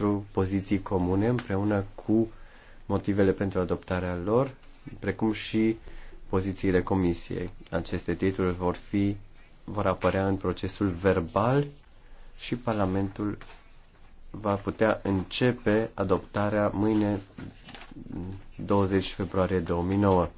pentru poziții comune împreună cu motivele pentru adoptarea lor, precum și pozițiile comisiei. Aceste titluri vor fi vor apărea în procesul verbal și Parlamentul va putea începe adoptarea mâine 20 februarie 2009.